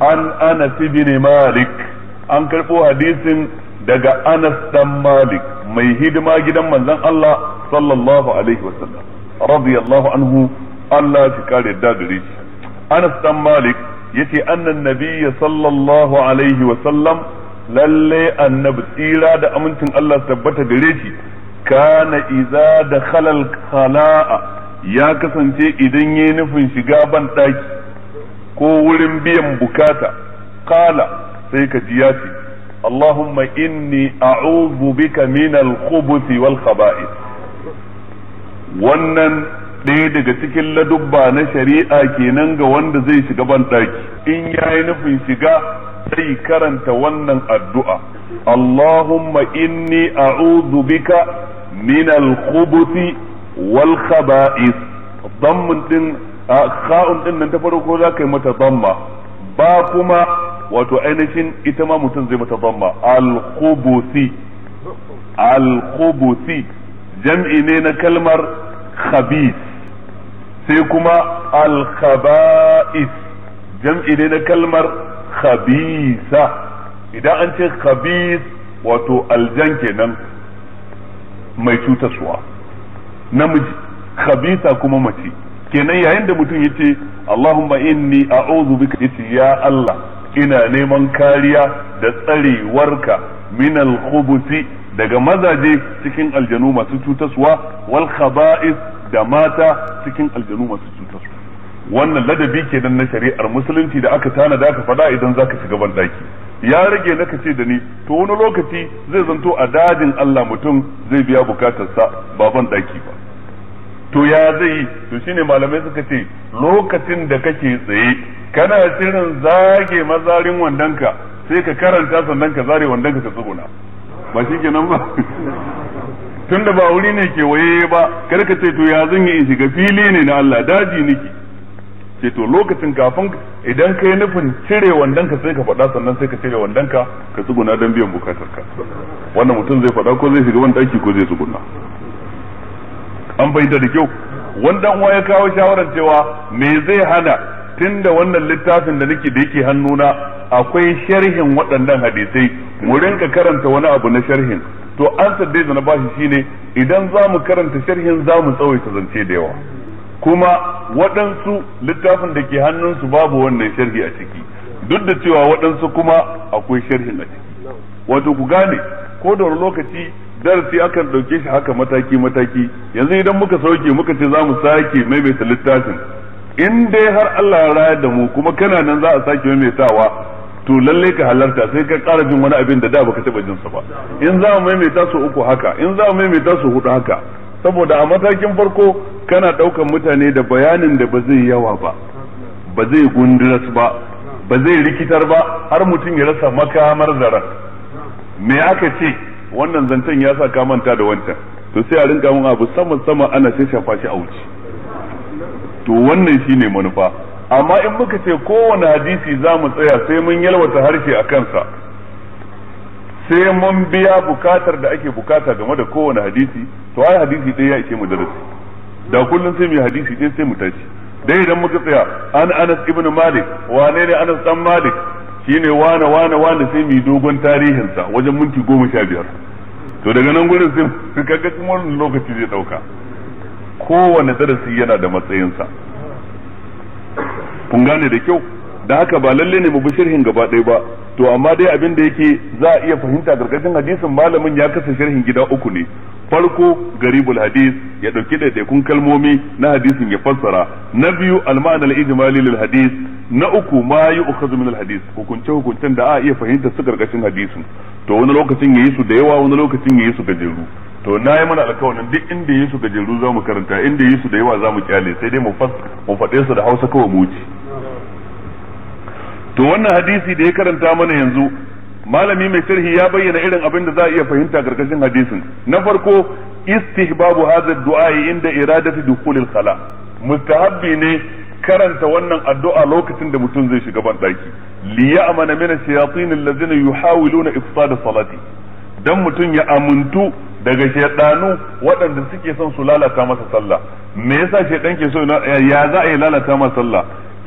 an anas ibn malik an karbo hadisin daga anas dan malik mai hidima gidan manzon Allah sallallahu alaihi wasallam radiyallahu anhu Allah shi kare da gare shi anas dan malik yace annan nabiyyi sallallahu alaihi wasallam lalle annabi tsira da amincin Allah tabbata gare shi kana idza dakhala al-khala'a ya kasance idan yayi nufin shiga ban daki ko wurin biyan bukata kala sai ka ji ya Allahumma inni a'udhu bika min al-khubuthi wal khaba'ith wannan ɗaya daga cikin ladubba na shari'a kenan ga wanda zai shiga ban in yayi nufin shiga sai karanta wannan addu'a Allahumma inni a'udhu bika min al-khubuthi wal khaba'ith dammin a kha'un din nan ta farko za ka yi mata bamma ba kuma wato ainihin ita ma mutum zai mata dhamma al-khubusi al-khubusi jam'i ne na kalmar khabis sai kuma al-khaba'is jam'i ne na kalmar khabisa idan an ce khabis wato aljan kenan mai cutarwa namiji khabisa kuma mace kenan yayin da mutum yace Allahumma inni a'udhu bika yace ya Allah ina neman kariya da tsarewarka min al daga mazaje cikin aljanu masu cutaswa wal khaba'is da mata cikin aljanu masu cutaswa wannan ladabi kenan na shari'ar musulunci da aka tana da aka fada idan zaka shiga ban ya rage naka ce da ni to wani lokaci zai zanto a dajin Allah mutum zai biya bukatarsa ba ban ba to ya zai to shine malamai suka ce lokacin da kake tsaye kana shirin zage mazarin wandonka sai ka karanta sannan ka zare wandonka ka tsuguna ba shi kenan ba tunda ba wuri ne ke waye ba kar ka ce to ya zan yi in shiga fili ne na Allah daji niki ce to lokacin kafin idan kai nufin cire wandonka sai ka faɗa sannan sai ka cire wandonka ka tsuguna don biyan bukatarka wannan mutum zai faɗa ko zai shiga wani daki ko zai tsuguna an bayyana da kyau wanda uwa ya kawo shawarar cewa me zai hana tunda wannan littafin da nake da yake hannuna akwai sharhin waɗannan hadisai mu rinka karanta wani abu na sharhin to an sadde da na bashi shine idan za mu karanta sharhin za mu tsawaita zance da yawa kuma waɗansu littafin da ke hannunsu babu wannan sharhi a ciki duk da cewa waɗansu kuma akwai sharhin a ciki wato ku gane ko da wani lokaci darasi akan ɗauke shi haka mataki-mataki yanzu idan muka sauke muka ce za mu sake maimaita littafin in dai har Allah ya raya da mu kuma kana nan za a sake maimaitawa to lalle ka halarta sai ka ƙara jin wani abin da da baka taɓa jin sa ba in za mu maimaita su uku haka in za mu maimaita su hudu haka saboda a matakin farko kana ɗaukan mutane da bayanin da ba zai yawa ba ba zai gundiras ba ba zai rikitar ba har mutum ya rasa makamar zaren me aka ce wannan zancen ya sa ka manta da wancan to sai a rinka mun abu sama sama ana sai shafa shi a wuce to wannan shine manufa amma in muka ce kowane hadisi za mu tsaya sai mun yalwata harshe a kansa sai mun biya bukatar da ake bukata game da kowane hadisi to ai hadisi ɗaya ya ishe mu darasi da kullum sai mu yi hadisi ɗaya sai mu tashi dai idan muka tsaya an Anas ibn Malik wane ne Anas dan Malik shine wane wane wane sai mai dogon tarihinsa wajen minti goma sha biyar to daga nan gurin sai kaga kuma wani lokaci zai dauka kowane darasi yana da matsayinsa kun gane da kyau da haka ba lalle ne mu bi sharhin gaba ɗaya ba to amma dai abin da yake za a iya fahimta gargajin hadisin malamin ya kasa sharhin gida uku ne farko garibul hadis ya dauki ɗaiɗaikun kalmomi na hadisin ya fassara na biyu almanan al-ijmali lil hadis na uku ma yi ukhadhu min alhadith hukunce hukuncen da a iya fahimta su karkashin hadisin to wani lokacin yayi su da yawa wani lokacin yayi su gajeru to na yi mana alkawarin duk inda yi su gajeru za mu karanta inda yi su da yawa za mu kyale sai dai mu faɗe su da hausa kawai mu wuce to wannan hadisi da ya karanta mana yanzu malami mai sharhi ya bayyana irin abin da za a iya fahimta karkashin hadisin na farko istihbabu hadha du'a inda iradatu dukhulil khala mustahabbi ne karanta wannan addu'a lokacin da mutum zai shiga banɗaki daki li ya'mana min ash-shayatin allazina yuhawiluna ifsad salati dan mutum ya amuntu daga shaydanu waɗanda suke son su lalata masa sallah me yasa shaydan ke so ya za a yi lalata masa sallah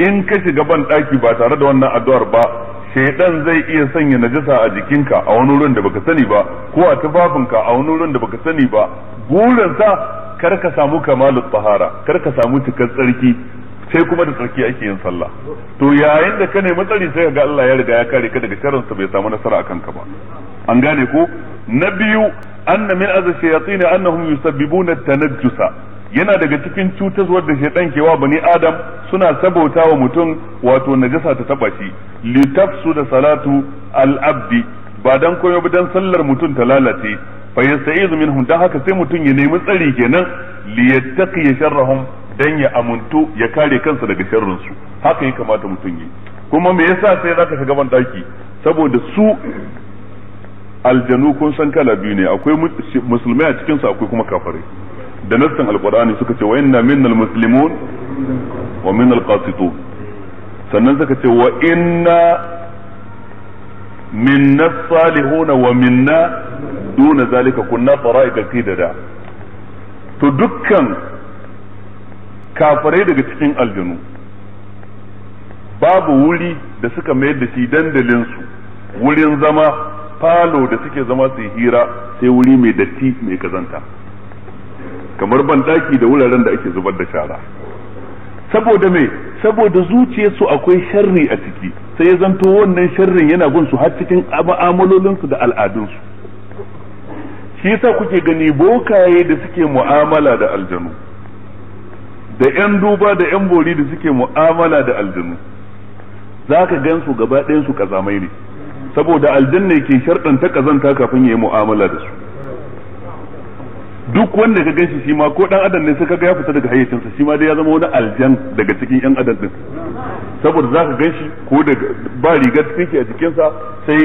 in ka shiga banɗaki ba tare da wannan addu'ar ba shaydan zai iya sanya najasa a jikinka a wani wurin da baka sani ba ko a tufafinka a wani wurin da baka sani ba burinsa kar ka samu kamalul tahara kar ka samu cikar tsarki sai kuma da tsarki ake yin sallah to yayin da ka nemi tsari sai ga Allah ya riga ya kare ka daga sharrin sa bai samu nasara akan ka ba an gane ko na biyu anna min azza shayatin annahum yusabbibuna tanajjusa yana daga cikin cutarwar da shaytan ke wa bani adam suna sabauta wa mutum wato najasa ta taba shi tafsu da salatu al-abdi ba dan koyo ba dan sallar mutum ta lalace fa yasta'izu minhum dan haka sai mutum ya nemi tsari kenan yattaqi sharrahum dan ya amuntu ya kare kansa daga sharrin su haka ya kamata mutum yi kuma me yasa sai zaka ka gaban daki saboda su aljanu kun san kala biyu ne akwai musulmai a cikin su akwai kuma kafirai da nassan alqur'ani suka ce wa inna minnal muslimun wa minnal qasitun sannan suka ce wa inna minna salihun wa minna duna zalika kunna qara'iqa qidada to dukkan kafirai daga cikin aljanu babu wuri da suka mayar da shi dandalinsu wurin zama falo da suke zama su hira sai wuri mai datti mai kazanta kamar banɗaki da wuraren da ake zubar da shara saboda me saboda zuciyarsu akwai sharri a ciki sai ya zanto wannan sharrin yana gun su har cikin mu'amalolinsu da al'adunsu shi yasa kuke gani bokaye da suke mu'amala da aljanu da yan duba da yan bori da suke mu'amala da aljannu zaka gan su gaba ɗayan su kazamai ne saboda aljin ne ke ta kazanta kafin ya yi mu'amala da su duk wanda ka ganshi shi ma ko dan adam ne sai kaga ya fita daga hayyacinsa shi ma dai ya zama wani aljan daga cikin yan adam din saboda za ka ganshi ko daga ba rigar ciki a jikinsa sai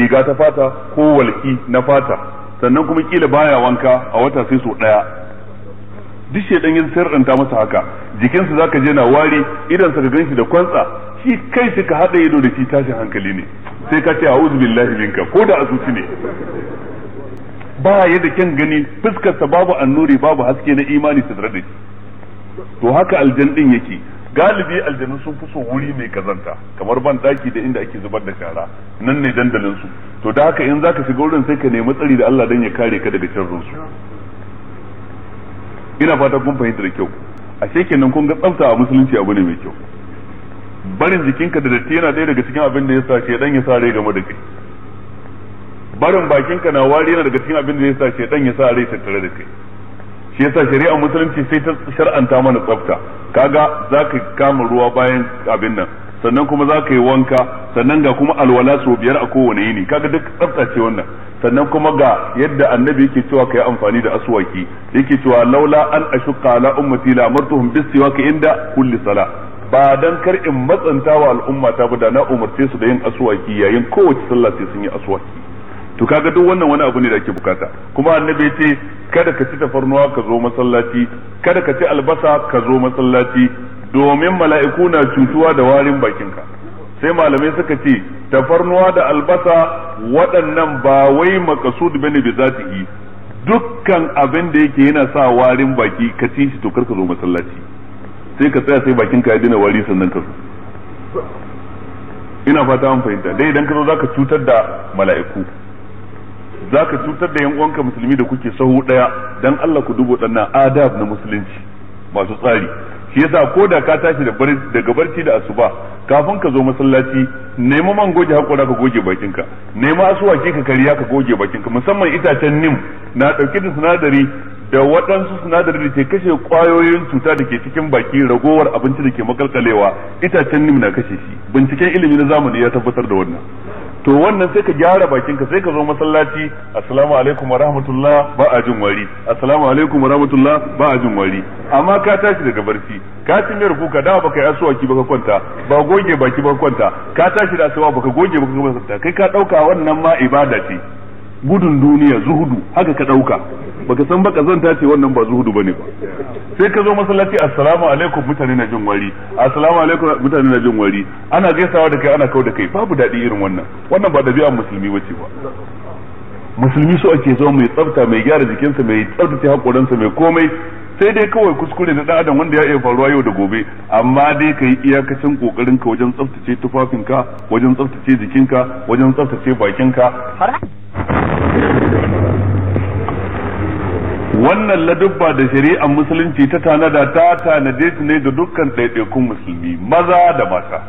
riga ta fata ko walki na fata sannan kuma kila baya wanka a wata sai so ɗaya. duk shedan ya ta masa haka jikinsa zaka je na wari idan ka ganshi da kwantsa shi kai shi ka hada ido da shi tashin hankali ne sai ka ce a'udhu billahi minka ko da asusu ne ba ya da kyan gani fuskar sa babu annuri babu haske na imani su da shi to haka aljan din yake galibi aljanu sun fi so wuri mai kazanta kamar ban daki da inda ake zubar da shara nan ne dandalin su to da haka in zaka shiga wurin sai ka nemi tsari da Allah dan ya kare ka daga cin su ina fata kun fahimta da kyau a shekin nan kun ga tsafta a musulunci abu ne mai kyau barin jikinka da datti yana ɗaya daga cikin abin da ya sa shedan ya sa rai game da kai barin bakinka na wari yana daga cikin abin da ya sa shedan ya sa rai tattare da kai shi yasa shari'a musulunci sai ta shar'anta mana tsafta kaga zaka kama ruwa bayan abin nan sannan kuma za ka yi wanka sannan ga kuma alwala su biyar a kowane yini kaga duk tsaftace wannan sannan kuma ga yadda annabi yake cewa ka yi amfani da aswaki yake cewa laula an ashuka ala ummati la amartuhum ka inda kulli sala ba dan kar in matsanta wa al'umma ta ba da na umarce su da yin aswaki yayin kowace sallah sai sun yi aswaki to kaga duk wannan wani abu ne da ake bukata kuma annabi ce kada ka ci tafarnuwa ka zo masallaci kada ka ci albasa ka zo masallaci domin mala'iku na cutuwa da warin bakinka sai malamai suka ce tafarnuwa da albasa waɗannan ba wai makasud bane bi zatihi dukkan abin da yake yana sa warin baki ka ci shi to kar ka zo masallaci sai ka tsaya sai bakinka ya dina wari sannan ka zo ina fata an fahimta dai idan ka zo zaka cutar da mala'iku zaka cutar da yan uwanka musulmi da kuke sahu ɗaya dan Allah ku dubo ɗannan adab na musulunci masu tsari shi yasa ko da ka tashi daga barci da asuba kafin ka zo masallaci nema man goge hakora ka goge bakinka nema asuwaki ka kariya ka goge bakinka musamman itacen nim na dauke da sinadari da waɗansu sinadari da ke kashe ƙwayoyin cuta da ke cikin baki ragowar abinci da ke makalkalewa itacen nim na kashe shi binciken ilimi na zamani ya tabbatar da wannan to wannan sai ka gyara bakinka sai ka zo masallaci assalamu alaikum wa rahmatullah ba a jin wari assalamu alaikum wa rahmatullah ba a jin wari amma ka tashi daga barci ka ci miyar kuka da baka yi ki baka kwanta ba goge baki baka kwanta ka tashi da asuwa baka goge baka kwanta kai ka dauka wannan ma ibada ce gudun duniya zuhudu haka ka dauka baka san baka zanta ce wannan ba zuhudu bane ba sai ka zo masallaci assalamu alaikum mutane na jin wari assalamu alaikum mutane na jin wari ana gaisawa da kai ana kawo da kai babu daɗi irin wannan wannan ba dabi'a musulmi bace ba musulmi so ake zo mai tsafta mai gyara jikinsa mai tsaftace sa mai komai sai dai kawai kuskure na dan adam wanda ya iya faruwa yau da gobe amma dai ka yi iyakacin kokarin ka wajen tsaftace tufafinka wajen tsaftace jikinka wajen tsaftace bakinka har wannan ladubba da shari'ar musulunci ta tanada ta tanade su ne da dukkan ɗaiɗaikun musulmi maza da mata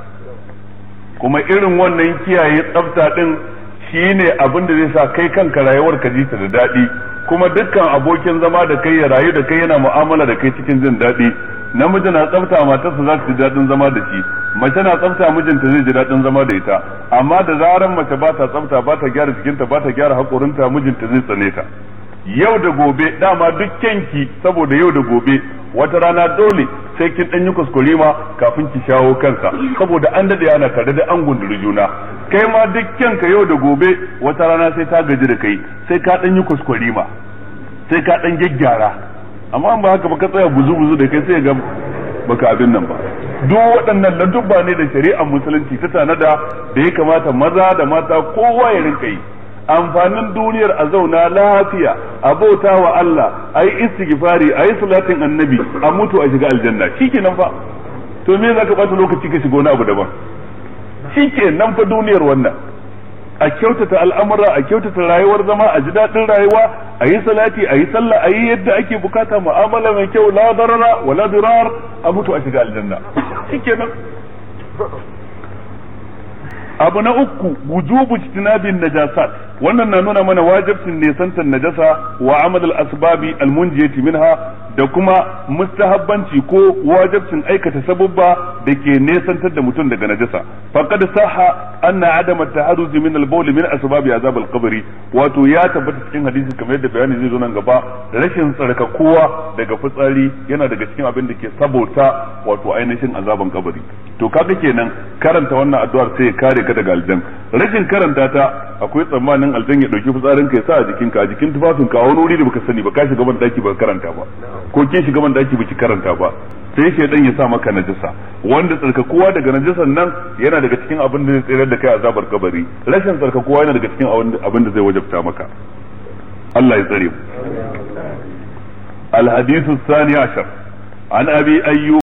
kuma irin wannan kiyaye tsafta ɗin ne abin da zai sa kai kanka rayuwar ka jita da daɗi kuma dukkan abokin zama da kai ya rayu da kai yana mu'amala da kai cikin jin daɗi namiji na tsafta matarsa za ta ji daɗin zama da shi mace na tsafta mijinta zai ji daɗin zama da ita amma da zaran mace ba ta tsafta ba ta gyara jikinta ba ta gyara haƙorinta mijinta zai tsane ta yau da gobe dama duk kyanki saboda yau da gobe wata rana dole sai kin dan yi kuskure ma kafin ki shawo kansa saboda an dade ana tare da an gunduri juna kai ma duk kyanka yau da gobe wata rana sai ta gaji da kai sai ka dan yi kuskure ma sai ka dan gyaggyara amma an ba haka ba ka tsaya buzu buzu da kai sai ga baka abin nan ba duk waɗannan ladubba ne da shari'ar musulunci ta tanada da ya kamata maza da mata kowa ya rinka yi amfanin duniyar a zauna lafiya a bauta wa Allah a yi istighfari a yi salatin annabi a mutu a shiga aljanna shikenan fa to me za ka bata lokaci ka shiga wani abu daban shikenan fa duniyar wannan a kyautata al'amura a kyautata rayuwar zama a ji daɗin rayuwa a yi salati a yi sallah a yi yadda ake bukata mu'amala mai kyau la darara wa la dirar a mutu a shiga aljanna shikenan abu na uku wujubu ijtinabin najasat wannan na nuna mana wajibcin nisantar najasa wa amal asbabi almunjiyati minha da kuma mustahabbanci ko wajibcin aikata sababba da ke nesantar da mutum daga najasa faqad sahha anna adama taharruz min albawl min asbabi azab kabari wato ya tabbata cikin hadisi kamar yadda bayani zai zo nan gaba rashin tsarkakowa daga fitsari yana daga cikin abin da ke sabota wato ainihin azaban kabari to kaga kenan karanta wannan addu'ar sai ya kare ka daga aljanna rashin karanta ta akwai tsammanin aljan ya dauki fitsarin ka ya sa a jikin ka a jikin tufafin ka wani wuri da baka sani ba ka shiga ban daki ba karanta ba ko ke shiga ban daki baki karanta ba sai dan ya sa maka najasa wanda tsarkakuwa daga najasan nan yana daga cikin abin da zai tsere da kai azabar kabari rashin tsarkakuwa yana daga cikin abin da zai wajabta maka Allah ya tsare mu الحديث الثاني عشر